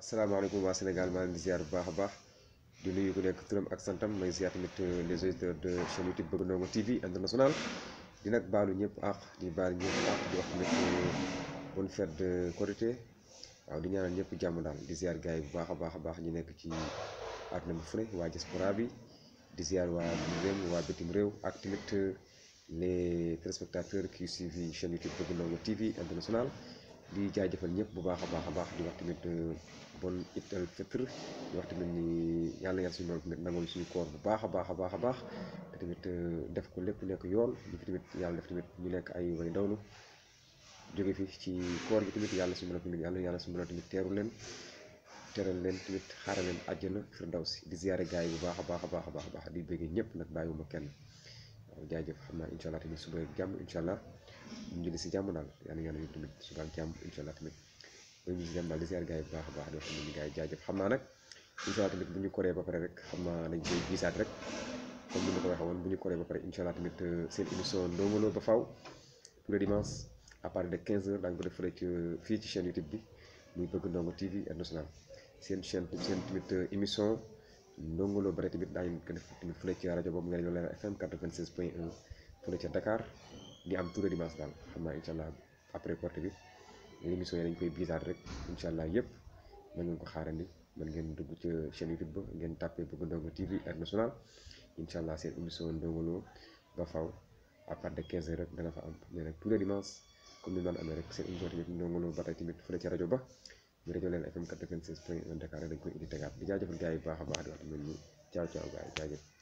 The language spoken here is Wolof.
asalaamaaleykum waa Sénégal maa ngi ziar bu baax a baax di nuyu ku nekk turam ak santam may ziar tamit euh, les auditeurs de chaîne YouTube Bëgg Ndongo TV international di nag baalu ñëpp àq di baal ñëpp àq di wax tamit euh, bonne fête de ñëpp jàmm daal di ziar gars yi a baax a baax ñu nekk ci àdduna bi fu waa diaspora bi di ziar waa réew waa bitim réew ak tamit euh, les téléspectateurs qui suivent chaîne YouTube Bëgg Ndongo TV international di jaajëfal ñëpp bu baax a baax a baax di wax tamit euh, bon ital euh, fitr di wax tamit ni yàlla yàlla suñu borom tamit nangul suñu koor bu baax a baax a baax a baax te tamit euh, def ko lépp nekk yoon ñu fi tamit yàlla def ñu nekk ay way ndawlu jóge fi ci koor gi tamit yàlla suñu borom tamit yàlla yàlla suñu borom teeru leen teral leen tamit xaaral leen àjjana firdaws di ziare gars yi bu baax a baax a baax a baax di bëggee ñëpp nag bàyyiwuma kenn waaw jaajëf xam naa incha allah tamit suba jàmm incha allah mu jóge si jàmm daal yal na yàlla yëpp tamit suba ak jàmm incha allah tamit bu baax a baax di wax tamit gars xam naa nag incha allah tamit ñu koree ba pare rek xam naa dañ koy gisaat rek comme ni ma ko bu ñu koree ba pare incha allah tamit euh, seen émission Ndongo Lo ba faaw tous les dimanches à de 15h daañu ko def fële euh, fii ci chaîne YouTube bi muy Bëgg Ndongo TV International seen chaîne seen tamit euh, émission Ndongo Lo ba pare tamit daañu ko def tamit fële ci rajo boobu nga rajo Leral FM 96 point ca Dakar. di am mas dimanche sama xam naa incha ini après porte bi l'émission yi koy biisaat rek incha allah yëpp mën ngeen ko xaarandi mën ngeen dugg ci chaîne youtube ba ngeen tàppee bëgg tv international Insyaallah allah seen émission Ndongo Lo ba faw à part de 15 heures rek dana fa am mais nag tous les dimanches comme ni man amee rek Lo ba timit tamit fële ci rajo ba ñu fm 96 Dakar dañ koy indi tegaat di jaajëfal gars bu baax baax di wax ciao ciao